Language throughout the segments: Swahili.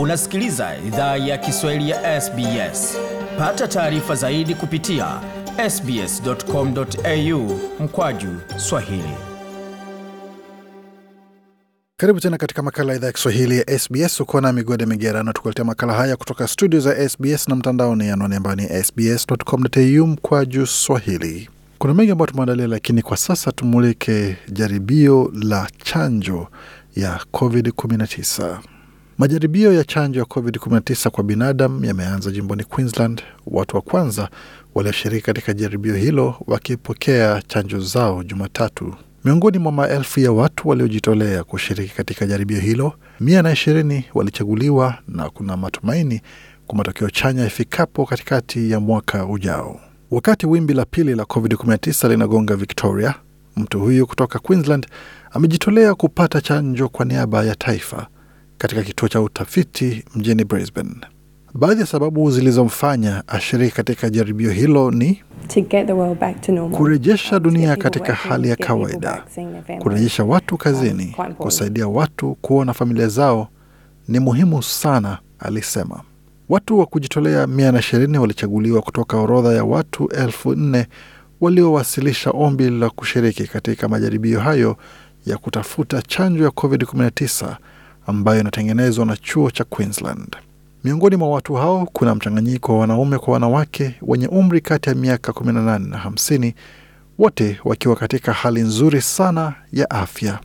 Unasikiliza idhaa ya Kiswahili ya SBS. Pata taarifa zaidi kupitia sbs.com.au mkwaju swahili. Karibu tena katika makala ya idhaa ya Kiswahili ya SBS. Uko na Migode Migerano tukuletea makala haya kutoka studio za SBS na mtandaoni, anwani ambayo ni sbs.com.au mkwaju swahili. Kuna mengi ambayo tumeandalia, lakini kwa sasa tumulike jaribio la chanjo ya COVID-19. Majaribio ya chanjo ya COVID-19 kwa binadamu yameanza jimboni Queensland, watu wa kwanza walioshiriki katika jaribio hilo wakipokea chanjo zao Jumatatu. Miongoni mwa maelfu ya watu waliojitolea kushiriki katika jaribio hilo, mia na ishirini walichaguliwa na kuna matumaini kwa matokeo chanya ifikapo katikati ya mwaka ujao. Wakati wimbi la pili la COVID-19 linagonga Victoria, mtu huyu kutoka Queensland amejitolea kupata chanjo kwa niaba ya taifa katika kituo cha utafiti mjini Brisbane. Baadhi ya sababu zilizomfanya ashiriki katika jaribio hilo ni kurejesha dunia katika hali ya kawaida, kurejesha watu kazini, kusaidia watu kuona familia zao ni muhimu sana, alisema. Watu wa kujitolea 20 walichaguliwa kutoka orodha ya watu elfu nne waliowasilisha ombi la kushiriki katika majaribio hayo ya kutafuta chanjo ya COVID-19 ambayo inatengenezwa na chuo cha Queensland. Miongoni mwa watu hao kuna mchanganyiko wa wanaume kwa wanawake wenye umri kati ya miaka 18 na 50, wote wakiwa katika hali nzuri sana ya afya.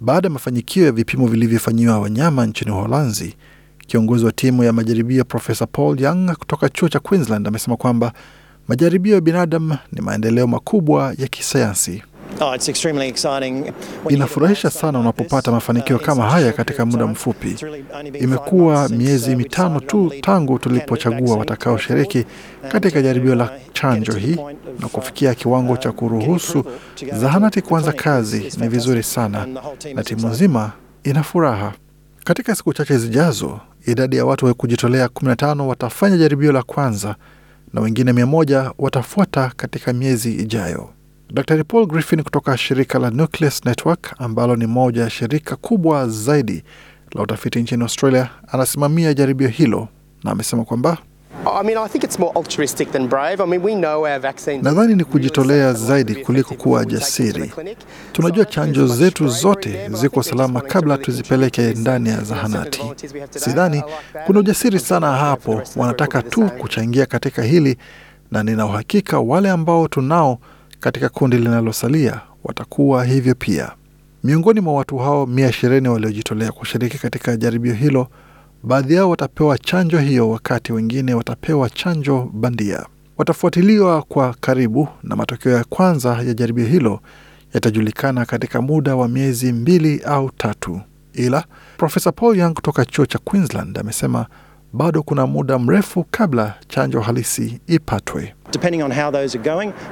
Baada ya mafanikio ya vipimo vilivyofanyiwa wanyama nchini Uholanzi, kiongozi wa timu ya majaribio Profesa Paul Young kutoka chuo cha Queensland amesema kwamba majaribio ya binadamu ni maendeleo makubwa ya kisayansi. Oh, Inafurahisha sana unapopata mafanikio uh, kama haya katika muda mfupi. Imekuwa uh, miezi mitano tu tangu tulipochagua watakaoshiriki uh, katika jaribio la chanjo hii na kufikia kiwango cha kuruhusu zahanati kuanza kazi. Ni vizuri sana, na timu nzima ina furaha. Katika siku chache zijazo, idadi ya watu wa kujitolea 15 watafanya jaribio la kwanza na wengine 100 watafuata katika miezi ijayo. Dr Paul Griffin kutoka shirika la Nucleus Network ambalo ni moja ya shirika kubwa zaidi la utafiti nchini Australia anasimamia jaribio hilo na amesema kwamba I mean, I mean, nadhani ni kujitolea zaidi kuliko kuwa jasiri. Tunajua chanjo zetu zote ziko salama kabla tuzipeleke ndani ya zahanati. Sidhani kuna ujasiri sana hapo, wanataka tu kuchangia katika hili, na nina uhakika wale ambao tunao katika kundi linalosalia watakuwa hivyo pia. Miongoni mwa watu hao mia ishirini waliojitolea kushiriki katika jaribio hilo, baadhi yao watapewa chanjo hiyo, wakati wengine watapewa chanjo bandia. Watafuatiliwa kwa karibu na matokeo ya kwanza ya jaribio hilo yatajulikana katika muda wa miezi mbili au tatu. Ila Profesa Paul Young kutoka chuo cha Queensland amesema bado kuna muda mrefu kabla chanjo halisi ipatwe.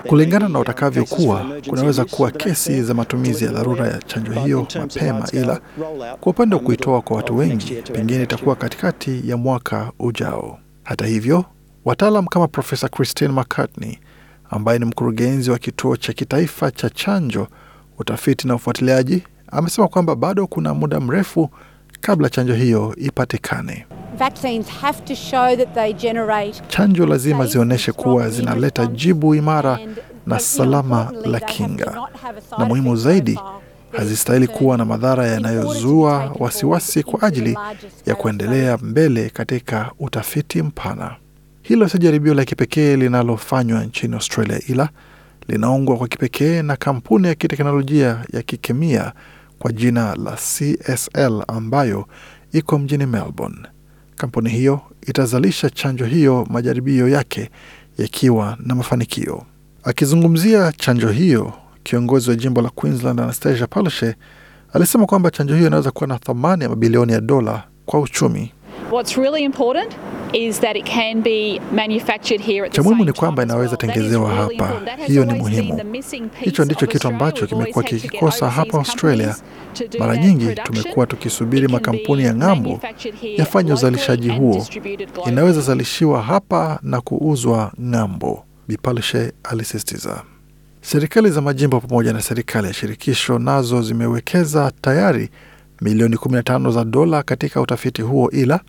Kulingana na utakavyokuwa, kunaweza kuwa kesi za matumizi ya dharura ya chanjo hiyo mapema, ila kwa upande wa kuitoa kwa watu wengi, pengine itakuwa katikati ya mwaka ujao. Hata hivyo, wataalam kama Profesa Christine McCartney ambaye ni mkurugenzi wa kituo cha kitaifa cha chanjo, utafiti na ufuatiliaji, amesema kwamba bado kuna muda mrefu kabla chanjo hiyo ipatikane. Chanjo lazima zionyeshe kuwa zinaleta jibu imara na salama la kinga, na muhimu zaidi, hazistahili kuwa na madhara yanayozua wasiwasi kwa ajili ya kuendelea mbele katika utafiti mpana. Hilo si jaribio la kipekee linalofanywa nchini Australia, ila linaungwa kwa kipekee na kampuni ya kiteknolojia ya kikemia kwa jina la CSL ambayo iko mjini Melbourne kampuni hiyo itazalisha chanjo hiyo, majaribio yake yakiwa na mafanikio. Akizungumzia chanjo hiyo, kiongozi wa jimbo la Queensland Anastasia Palaszczuk alisema kwamba chanjo hiyo inaweza kuwa na thamani ya mabilioni ya dola kwa uchumi. What's really important cha muhimu ni kwamba inaweza tengezewa hapa. Hiyo ni muhimu. Hicho ndicho kitu ambacho kimekuwa kikikosa hapa Australia. Mara nyingi tumekuwa tukisubiri makampuni ya ng'ambo yafanye uzalishaji huo. Inaweza zalishiwa hapa na kuuzwa ng'ambo, Bipalshe alisistiza Serikali za majimbo pamoja na serikali ya shirikisho nazo zimewekeza tayari milioni 15 za dola katika utafiti huo, ila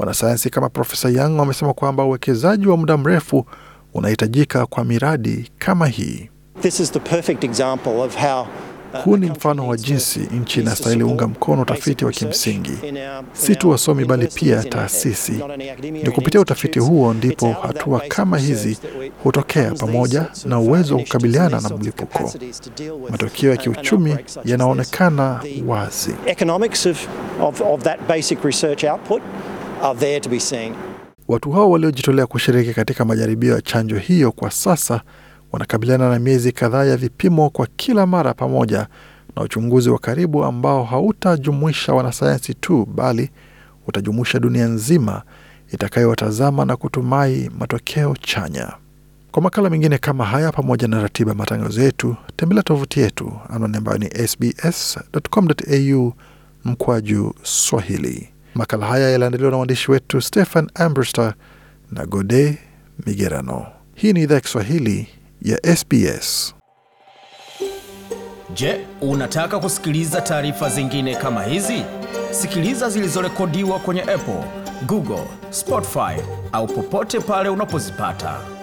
Wanasayansi kama Profesa Yang wamesema kwamba uwekezaji wa muda mrefu unahitajika kwa miradi kama hii. This is the perfect example of how uh, huu ni mfano wa jinsi nchi inastahili unga mkono utafiti wa kimsingi, si tu wasomi bali pia taasisi. Ni kupitia utafiti huo ndipo hatua kama hizi hutokea, pamoja na uwezo wa kukabiliana na mlipuko. Matokeo ya kiuchumi yanaonekana wazi are there to be seen. Watu hao waliojitolea kushiriki katika majaribio ya chanjo hiyo kwa sasa wanakabiliana na miezi kadhaa ya vipimo kwa kila mara pamoja na uchunguzi wa karibu ambao hautajumuisha wanasayansi tu bali utajumuisha dunia nzima itakayowatazama na kutumai matokeo chanya. Kwa makala mengine kama haya pamoja na ratiba matangazo yetu, tembelea tovuti yetu anwani ambayo ni sbs.com.au mkwaju Swahili. Makala haya yaliandaliwa na waandishi wetu Stefan Amberster na Gode Migerano. Hii ni idhaa ya Kiswahili ya SBS. Je, unataka kusikiliza taarifa zingine kama hizi? Sikiliza zilizorekodiwa kwenye Apple, Google, Spotify au popote pale unapozipata.